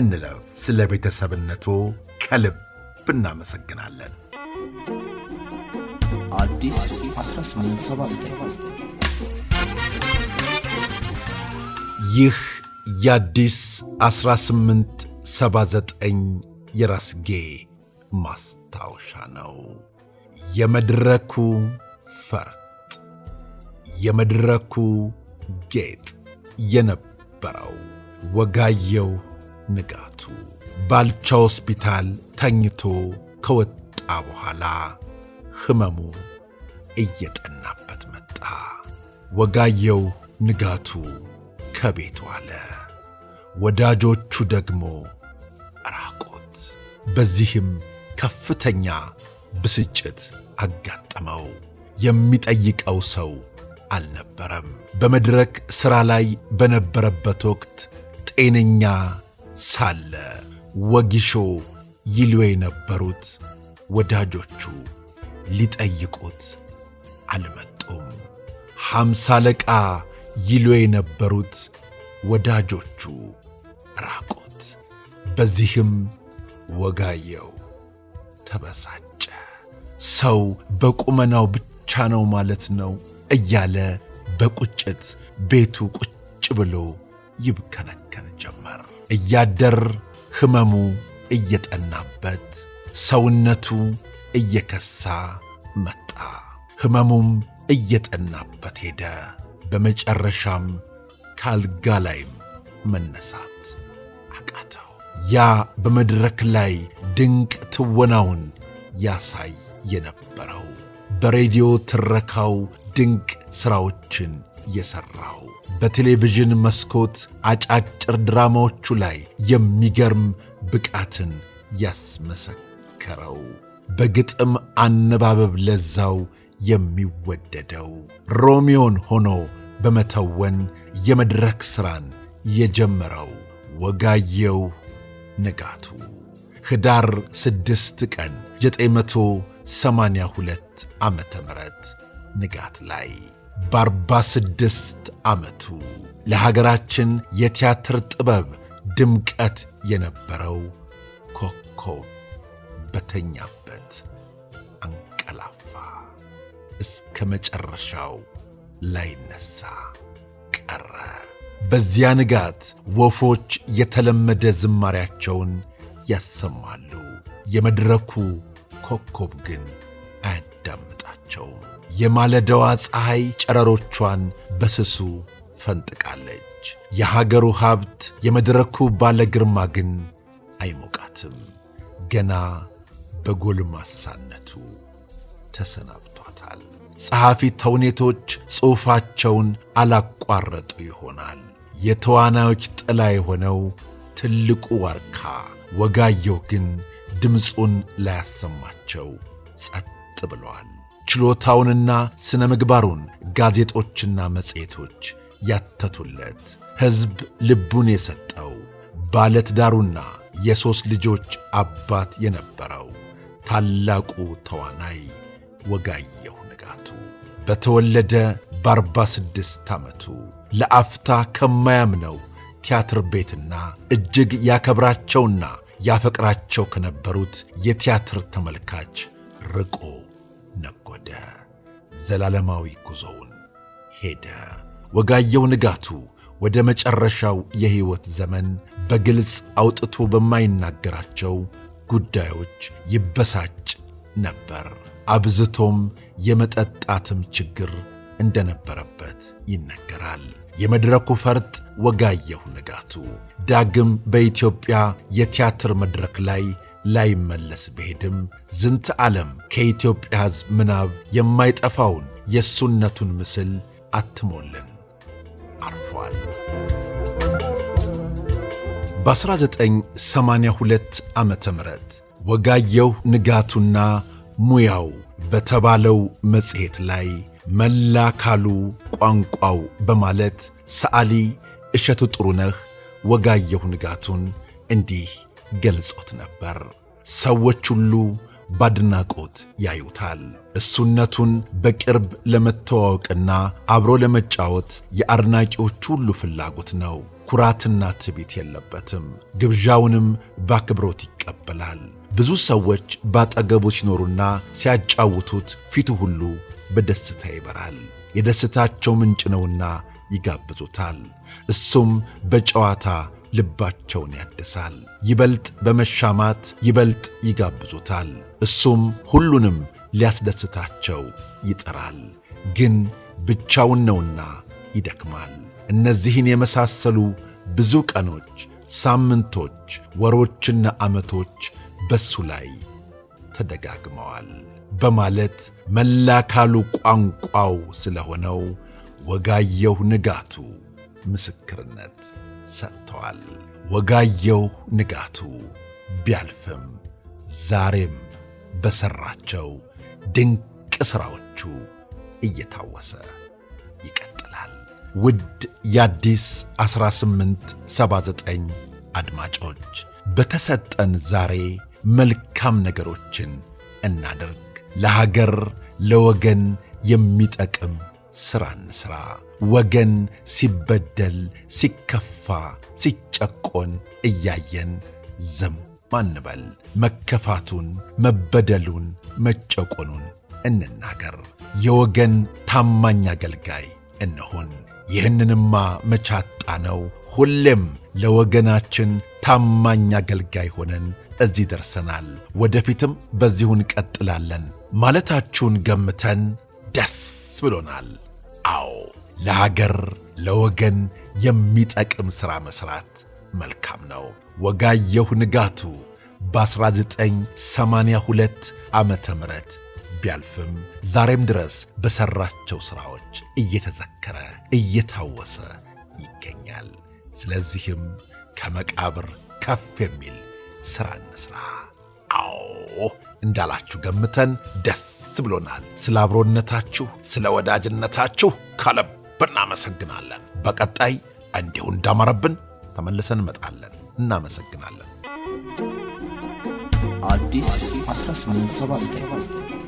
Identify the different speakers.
Speaker 1: እንለፍ። ስለ ቤተሰብነቱ ከልብ እናመሰግናለን። ይህ የአዲስ 1879 የራስጌ ማስታወሻ ነው። የመድረኩ ፈርጥ፣ የመድረኩ ጌጥ የነበረው ወጋየሁ ንጋቱ ባልቻ ሆስፒታል ተኝቶ ከወጣ በኋላ ህመሙ እየጠናበት መጣ። ወጋየው ንጋቱ ከቤቱ አለ። ወዳጆቹ ደግሞ ራቁት። በዚህም ከፍተኛ ብስጭት አጋጠመው። የሚጠይቀው ሰው አልነበረም። በመድረክ ሥራ ላይ በነበረበት ወቅት ጤነኛ ሳለ ወጊሾ ይሉ የነበሩት ወዳጆቹ ሊጠይቁት አልመጡም። ሐምሳ አለቃ ይሉ የነበሩት ወዳጆቹ ራቁት። በዚህም ወጋየው ተበሳጨ። ሰው በቁመናው ብቻ ነው ማለት ነው እያለ በቁጭት ቤቱ ቁጭ ብሎ ይብከነከን ጀመር። እያደር ሕመሙ እየጠናበት ሰውነቱ እየከሳ መጣ። ሕመሙም እየጠናበት ሄደ። በመጨረሻም ካልጋ ላይም መነሳት አቃተው። ያ በመድረክ ላይ ድንቅ ትወናውን ያሳይ የነበረው በሬዲዮ ትረካው ድንቅ ሥራዎችን የሠራው በቴሌቪዥን መስኮት አጫጭር ድራማዎቹ ላይ የሚገርም ብቃትን ያስመሰከረው በግጥም አነባበብ ለዛው የሚወደደው ሮሚዮን ሆኖ በመተወን የመድረክ ሥራን የጀመረው ወጋየው ንጋቱ ኅዳር 6 ቀን 982 ዓ ም ንጋት ላይ በ46 ዓመቱ ለሀገራችን የቲያትር ጥበብ ድምቀት የነበረው ኮከብ በተኛበት አንቀላፋ፣ እስከ መጨረሻው ላይነሳ ቀረ። በዚያ ንጋት ወፎች የተለመደ ዝማሪያቸውን ያሰማሉ። የመድረኩ ኮከብ ግን አያዳምጣቸውም። የማለዳዋ ፀሐይ ጨረሮቿን በስሱ ፈንጥቃለች። የሀገሩ ሀብት የመድረኩ ባለ ግርማ ግን አይሞቃትም። ገና በጎልማሳነቱ ተሰናብቷታል። ጸሐፊ ተውኔቶች ጽሑፋቸውን አላቋረጡ ይሆናል። የተዋናዮች ጥላ የሆነው ትልቁ ዋርካ ወጋየሁ ግን ድምፁን ላያሰማቸው ጸጥ ብለዋል። ችሎታውንና ሥነ ምግባሩን ጋዜጦችና መጽሔቶች ያተቱለት ሕዝብ ልቡን የሰጠው ባለትዳሩና የሦስት ልጆች አባት የነበረው ታላቁ ተዋናይ ወጋየሁ ንጋቱ በተወለደ በአርባ ስድስት ዓመቱ ለአፍታ ከማያምነው ቲያትር ቤትና እጅግ ያከብራቸውና ያፈቅራቸው ከነበሩት የቲያትር ተመልካች ርቆ ነጎደ። ዘላለማዊ ጉዞውን ሄደ። ወጋየሁ ንጋቱ ወደ መጨረሻው የሕይወት ዘመን በግልጽ አውጥቶ በማይናገራቸው ጉዳዮች ይበሳጭ ነበር። አብዝቶም የመጠጣትም ችግር እንደነበረበት ይነገራል። የመድረኩ ፈርጥ ወጋየሁ ንጋቱ ዳግም በኢትዮጵያ የቲያትር መድረክ ላይ ላይመለስ ብሄድም ዝንተ ዓለም ከኢትዮጵያ ሕዝብ ምናብ የማይጠፋውን የእሱነቱን ምስል አትሞልን አርፏል። በ1982 ዓ ም ወጋየሁ ንጋቱና ሙያው በተባለው መጽሔት ላይ መላ ካሉ ቋንቋው በማለት ሰዓሊ እሸቱ ጥሩነህ ወጋየሁ ንጋቱን እንዲህ ገልጾት ነበር። ሰዎች ሁሉ ባድናቆት ያዩታል። እሱነቱን በቅርብ ለመተዋወቅና አብሮ ለመጫወት የአድናቂዎቹ ሁሉ ፍላጎት ነው። ኩራትና ትዕቢት የለበትም። ግብዣውንም በአክብሮት ይቀበላል። ብዙ ሰዎች ባጠገቡ ሲኖሩና ሲያጫውቱት ፊቱ ሁሉ በደስታ ይበራል። የደስታቸው ምንጭ ነውና ይጋብዙታል። እሱም በጨዋታ ልባቸውን ያድሳል፣ ይበልጥ በመሻማት ይበልጥ ይጋብዙታል። እሱም ሁሉንም ሊያስደስታቸው ይጥራል፣ ግን ብቻውን ነውና ይደክማል። እነዚህን የመሳሰሉ ብዙ ቀኖች፣ ሳምንቶች፣ ወሮችና ዓመቶች በሱ ላይ ተደጋግመዋል በማለት መላ ካሉ ቋንቋው ስለሆነው ወጋየሁ ንጋቱ ምስክርነት ሰጥተዋል። ወጋየው ንጋቱ ቢያልፍም ዛሬም በሠራቸው ድንቅ ሥራዎቹ እየታወሰ ይቀጥላል። ውድ የአዲስ 1879 አድማጮች በተሰጠን ዛሬ መልካም ነገሮችን እናደርግ። ለሀገር ለወገን የሚጠቅም ስራን ስራ ወገን ሲበደል፣ ሲከፋ፣ ሲጨቆን እያየን ዝም አንበል። መከፋቱን፣ መበደሉን፣ መጨቆኑን እንናገር። የወገን ታማኝ አገልጋይ እንሁን። ይህንንማ መቻጣ ነው። ሁሌም ለወገናችን ታማኝ አገልጋይ ሆነን እዚህ ደርሰናል፣ ወደፊትም በዚሁን ቀጥላለን ማለታችሁን ገምተን ደስ ብሎናል። ዋው! ለሀገር ለወገን የሚጠቅም ሥራ መሥራት መልካም ነው። ወጋየሁ ንጋቱ በ1982 ዓመተ ምህረት ቢያልፍም ዛሬም ድረስ በሠራቸው ሥራዎች እየተዘከረ እየታወሰ ይገኛል። ስለዚህም ከመቃብር ከፍ የሚል ሥራ እንሥራ። አዎ እንዳላችሁ ገምተን ደስ ብሎናል። ስለ አብሮነታችሁ፣ ስለ ወዳጅነታችሁ ከልብ እናመሰግናለን። በቀጣይ እንዲሁ እንዳመረብን ተመልሰን እንመጣለን። እናመሰግናለን። አዲስ 1879